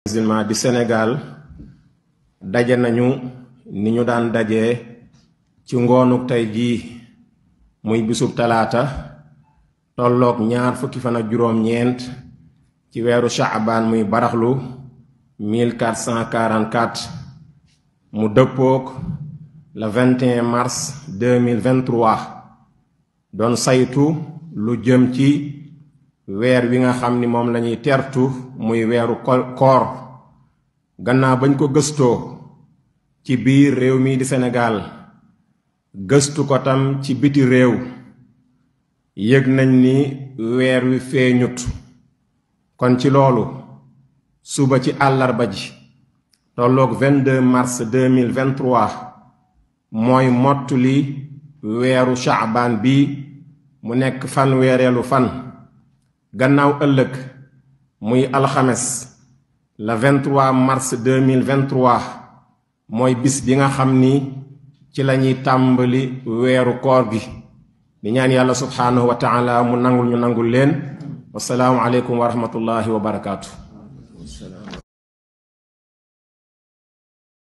musulman bi Sénégal daje nañu ni ñu daan daje ci ngoonuk tey jii muy bisub talaata tolloog ñaar fukki fan juróom ñeent ci weeru Sha'ban muy baraxlu 1444 mu dëppook le 21 mars 2023 doon saytu lu jëm ci weer wi nga xam ni moom lañuy tertu muy weeru koor gannaaw bañ ko gëstoo ci biir réew mii di Sénégal gëstu ko tam ci biti réew yëg nañ ni weer wi feeñut kon ci loolu suba ci àllarba ji tolloog 22 mars 2023 mooy mottuli weeru shaaban bi mu nekk fan weereelu fan gannaaw ëllëg muy alxames le 23 mars 2023 mooy bis bi nga xam ni ci lañuy tàmbali weeru koor gi di ñaan yàlla subhaanahu wa taala mu nangul ñu nangul leen wasalaamu aleykum wa rahmatullahi